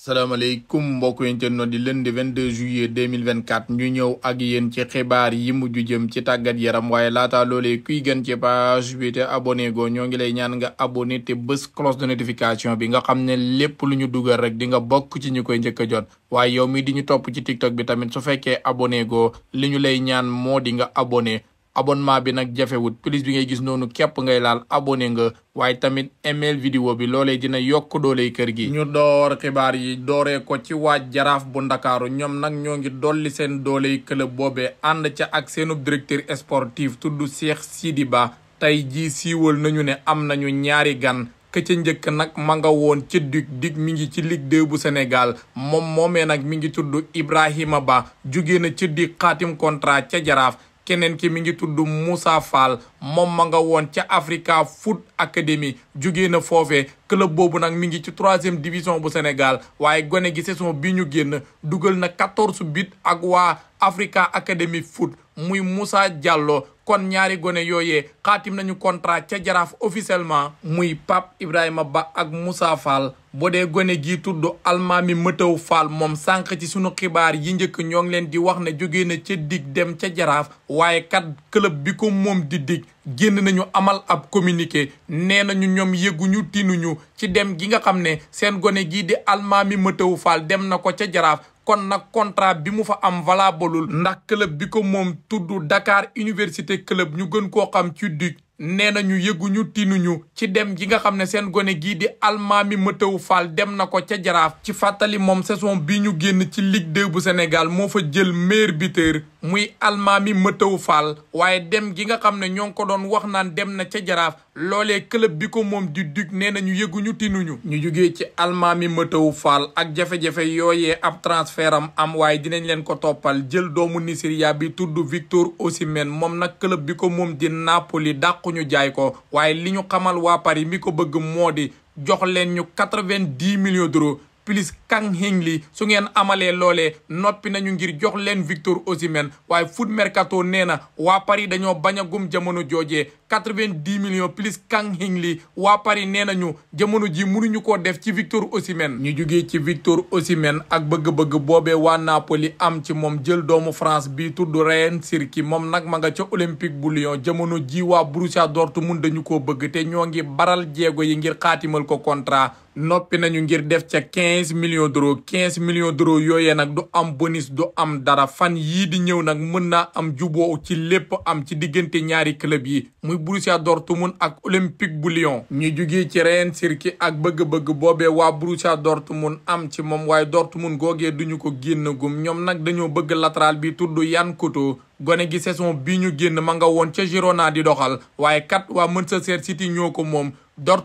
salaamaaleykum mbokk yi ñu di lundi 22 juillet 2024 ñu ñëw ak yéen ci xibaar yi mujj jëm ci tàggat yaram waaye laata loolee kuy gën ci page bi te abonné go ñoo ngi lay ñaan nga abonné te bés cloche de notification bi nga xam ne lépp lu ñu dugal rek di nga bokk ci ñu koy njëkk a jot waaye yow mi di ñu topp ci tiktok bi tamit su fekkee abonné go li ñu lay ñaan moo di nga abonné. abonnement bi nag jafewut plus bi ngay gis noonu képp ngay laal abonné nga waaye tamit email vidéo bi loole dina yokk dooley kër gi ñu door xibaar yi doore ko ci waa jaraaf bu ndakaaru ñoom nag ñoo ngi dolli seen dooley club boobe ànd ca ak seenub directeur sportif tudd Cheikh Sidi Ba tey jii siiwal nañu ne am nañu ñaari gan ka ca njëkk nag ma nga woon ci DUC DUC mi ngi ci Ligue 2 bu Sénégal moom moomee nag mi ngi tudd Ibrahima Ba jugee na ci DUC xaatim ca jaraaf keneen ki mi ngi tudd Moussa Fall moom ma nga woon ca Africa Foot Academy jugee na foofee club boobu nag mi ngi ci troisième division bu Sénégal waaye gone gi saison bi ñu génn dugal na quatorze but ak waa Africa Academy Foot muy Moussa Diallo kon ñaari gone yooyee xaatim nañu contrat ca Jaraaf officiellement muy Pape Ibrahima Ba ak Moussa Fall bu dee gone gii tudd almaami mëtaw faal moom sànq ci sunu xibaar yi njëkk ñoo ngi leen di wax na jóge na ca dig dem ca jaraaf waaye kat club bi ko moom di dig génn nañu amal ab communiqué nee nañu ñoom yëguñu tinuñu ci dem gi nga xam ne seen gone gii di almaami mëtaw faal dem na ko ca jaraaf kon nag contrat bi mu fa am valableul ndax club bi ko moom tudd Dakar Université Club ñu gën koo xam ci digg nee nañu yëguñu tinuñu ci dem ji nga xam ne seen gone gii di Almami Mateu Fall dem na ko ca jaraaf ci fàttali moom saison bi ñu génn ci Ligue bu Sénégal moo fa jël meilleur buteur muy almaami mëtaw faal waaye dem ji nga xam ne ñoo ngi ko doon wax naan dem na ca jaraaf loolee club bi ko moom di dug nee nañu ñu yëguñu tinuñu ñu jugee ci almaami mëtaw faal ak jafe-jafe yooyee ab transferam am waaye dinañ leen ko toppal jël doomu Nigeria bi tudd Victor Osimhen moom nag club bi ko moom di Napoli dàquñu jaay ko waaye li ñu xamal waa Paris mi ko bëgg moo di jox leen ñu quatre-vingt-dix millions d'euros plus Kang Hengli su ngeen amalee loolee noppi nañu ngir jox leen Victor Osimhen waaye foot mercato nee na waa Paris dañoo bañagum a jamono joojee quatre-vingt-dix millions plus Kang Hengli waa Paris nee ñu jamono ji mënuñu koo def ci Victor Osimhen ñu jugee ci Victor Osimhen ak bëgg-bëgg boobe waa Napoli am ci moom jël doomu France bi tudd Ryan Cherki moom nag ma nga ca Olympique bu Lyon jamono ji waa Borussia mun dañu koo bëgg te ñoo ngi baral jéego yi ngir xaatimal ko contrat noppi nañu ngir def ca quinze millions millions d'euros quinze millions d'euros yooyee nag du am bonus du am dara fan yii di ñëw nag mën naa am juboo ci lépp am ci diggante ñaari club yi muy Borussia mun ak Olympique bu Lyon ñu jugee ci Reen Sirki ak bëgg-bëgg boobee waa Borussia mun am ci moom waaye Dortmund googee duñu ko génn gum ñoom nag dañoo bëgg latéral bi tudd Yann Koto gone gi saison bi ñu génn ma nga woon ca Girona di doxal waaye kat waa mën sa Manchester City ñoo ko moom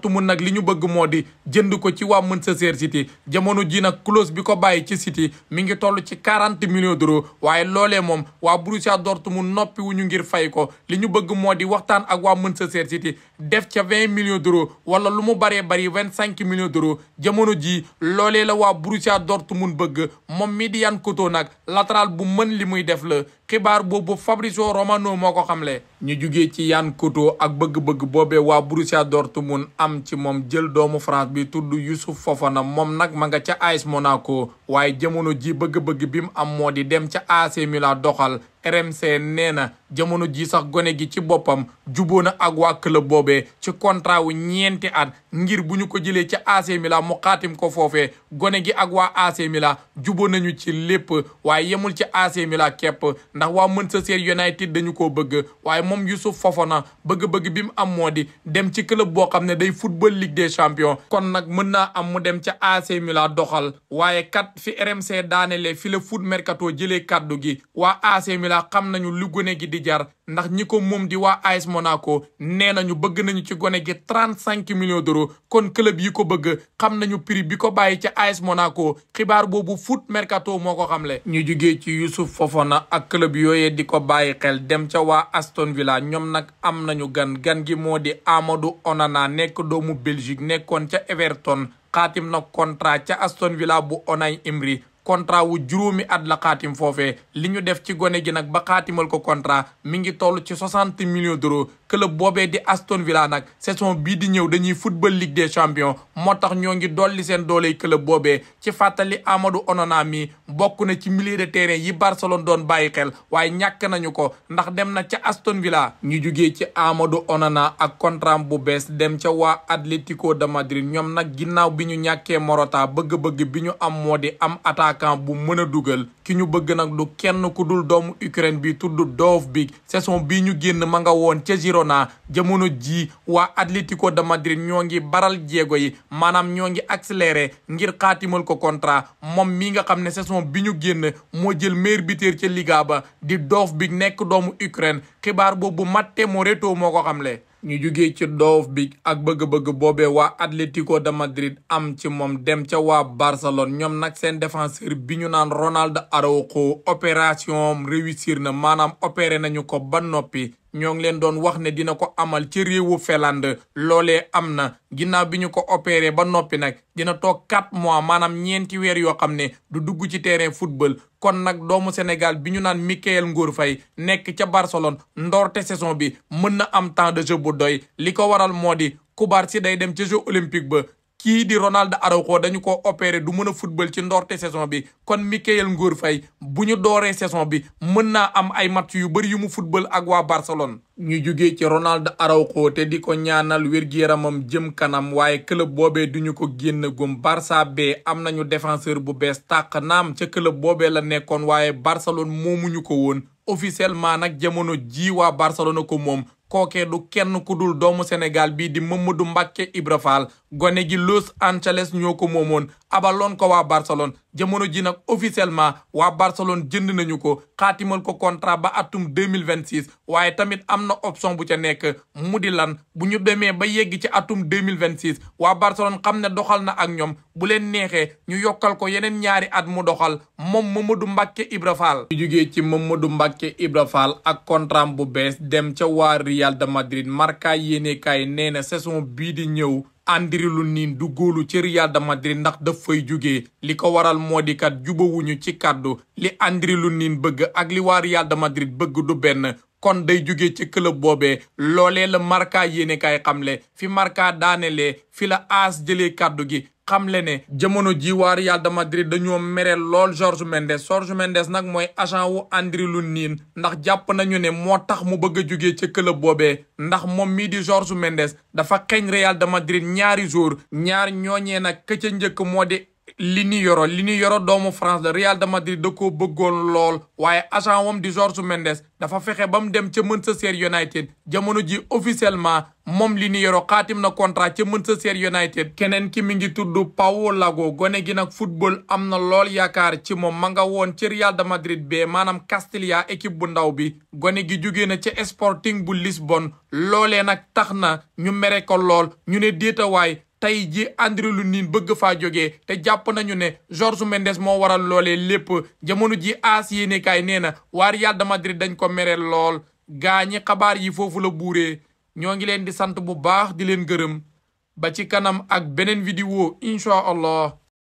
mun nag li ñu bëgg moo di jënd ko ci waa Manchester City jamono ji nag clause bi ko bàyyi ci City mi ngi toll ci quarante millions d'euros waaye loolee moom waa Borussia Dortmund noppi wu ñu ngir fay ko li ñu bëgg moo di waxtaan ak waa mën sa Manchester City def ca vingt millions d'euros wala lu mu baree bari vingt cinq millions d'euros jamono jii loole la waa Borussia mun bëgg moom mi di Yan Koto nag latéral bu mën li muy def la xibaar boobu Fabrizio Romano moo ko xamle ñu jugee ci yan Koto ak bëgg-bëgg boobee waa Borussia Dortmund am ci moom jël doomu France bi tudd Youssouf Fofana moom nag ma nga ca AS Monaco waaye jamono ji bëgg-bëgg bi mu am moo di dem ca AC Milan doxal RMC nee na jamono ji sax gone gi ci boppam juboo na ak waa club boobee ci contrat wu ñeenti at ngir bu ñu ko jëlee ca AC Milan ko foofee gone gi ak waa AC Milan nañu ci lépp waaye yemul ci AC Milan képp ndax waa Manchester United dañu koo bëgg waaye moom Youssouf Fofana bëgg-bëgg bi mu am moo di dem ci club boo xam ne day football Ligue des champions kon nag mën naa am mu dem ca AC doxal waaye kat fi RMC daanelee fi la foot mercato jëlee kaddu gi waa AC Villa xam nañu lu gone gi di jar ndax ñi ko moom di waa AS Monaco nee ñu bëgg nañu ci gone gi trente cinq millions d'euros kon club yi ko bëgg xam nañu prix bi ko bàyyi ca AS Monaco xibaar boobu foot mercato moo ko xamle. ñu jugee ci Youssouf Fofana ak club yooyee di ko bàyyi xel dem ca waa Aston Villa ñoom nag am nañu gan gan gi moo di Amadou Onana nekk doomu Belgique nekkoon ca Everton xaatim na contrat ca Aston Villa bu Unai Emery contrat wu juróomi at la xaatim foofee li ñu def ci gone gi nag ba xaatimal ko contrat mi ngi toll ci soixante millions d'euros club boobee di Aston Villa nag saison bii di ñëw dañuy football Ligue des champions moo tax ñoo ngi dolli seen dooley club boobee ci fàttali Amadou Onana mi bokk na ci milieu de terrain yi Barcelone doon bàyyi xel waaye ñàkk nañu ko ndax dem na ca Aston Villa ñu jugee ci Amadou Onana ak contrat bu bees dem ca waa Atlético de Madrid ñoom nag ginnaaw bi ñu ñàkkee Morata bëgg-bëgg bi ñu am moo di am attaque attaquant bu mën a dugal ki ñu bëgg nag du kenn ku dul doomu Ukraine bi tudd Dov bi saison bi ñu génn ma nga woon ca Girona jamono ji waa Atlético de Madrid ñoo ngi baral jéego yi maanaam ñoo ngi accéléré ngir xaatimal ko contrat moom mii nga xam ne saison bi ñu génn moo jël meilleur buteur ca Liga ba di Dov bi nekk doomu Ukraine xibaar boobu Matteo Moretto moo ko xamle ñu jugee ci doof bi ak bëgg-bëgg boobee waa Atlético de Madrid am ci moom dem ca waa Barcelone ñoom nag seen défenseur bi ñu naan Ronald Araujo opération réussir na maanaam opéré nañu ko ba noppi ñoo ngi leen doon wax ne dina ko amal ca réewu Finlande loole am na ginnaaw bi ñu ko opéré ba noppi nag dina toog quatre mois maanaam ñeenti weer yoo xam ne du dugg ci tere football kon nag doomu Sénégal bi ñu naan Mikayil Ngor fay nekk ca Barcelone ndoorte saison bi mën na am temps de jeu bu doy li ko waral moo di Kubarsi day dem ca Jeux olympiques ba kii di Ronald Araujo dañu ko opéré du mën a football ci ndoorte saison bi kon Mikayil Ngor fay bu ñu dooree saison bi mën naa am ay match yu bëri yu mu football ak waa Barcelone. ñu jóge ci Ronald Araujo te di ko ñaanal wér-gu-yaramam jëm kanam waaye club boobee duñu ko génn gum Barça bee am nañu défenseur bu bees tàq naam ca club boobee la nekkoon waaye Barcelone moomuñu ko woon officiellement nag jamono jii waa Barcelone ko moom kookee du kenn ku dul doomu Sénégal bii di Mamadou Mbacke Ibra gone gi Los Angeles ñoo ko moomoon abaloon ko waa Barcelone jamono ji nag officiellement waa Barcelone jënd nañu ko xaatimal ko contrat ba atum 2026 waaye tamit am na option bu ca nekk mu di lan bu ñu demee ba yegg ci atum 2026 waa Barcelone xam ne doxal na ak ñoom bu leen neexee ñu yokkal ko yeneen ñaari at mu doxal moom Mamadou Mbacke Ibra Fall ñu jugee ci Mamadou Mbacke Ibra Fall ak contrat bu bees dem ca waa Real de Madrid Marca yéene kaay nee na saison bii di ñëw lu niin du góolu ci Real ndax daf fay jóge li ko waral moo di kat jubawuñu ci kàddu li lu niin bëgg ak li waa Real bëgg du benn kon day jóge ci club boobee loolee la Marca yéene kaay xamle fi Marca daanelee fi la AS jëlee kàddu gi xamle ne jamono ji waa Real de Madrid dañoo merel lool Jorge Mendes Jorge Mendes nag mooy agent wu Andriy Lunin ndax jàpp nañu ne moo tax mu bëgg a jugee ca club boobee ndax moom mii di Jorge Mendes dafa xeeñ Real de Madrid ñaari jour ñaar ñooñee nag ka ca njëkk moo di li ñu yoro li ñu yoro doomu France la Real de Madrid da koo bëggoon lool waaye agent wam di Jorge Mendes dafa fexe ba mu dem ca mën Manchester United jamono ji officiellement moom li ñu yoro xaatim na contrat ca Manchester United. keneen ki mi ngi tudd Pau Lago gone gi nag football am na lool yaakaar ci moom ma nga woon ci Real de Madrid be maanaam Castilla équipe bu ndaw bi gone gi jógee na ca Sporting bu Lisbonne loolee nag tax na ñu mere lool ñu ne déetawaay tey ji Andry Lounine bëgg faa jógee te jàpp nañu ne George Mendes moo waral loole lépp jamono ji aas yéenekaay nee na waa Real de Madrid dañ ko mere lool gaa xabaar yi foofu la buuree ñoo ngi leen di sant bu baax di leen gërëm ba ci kanam ak beneen vidéo incha allah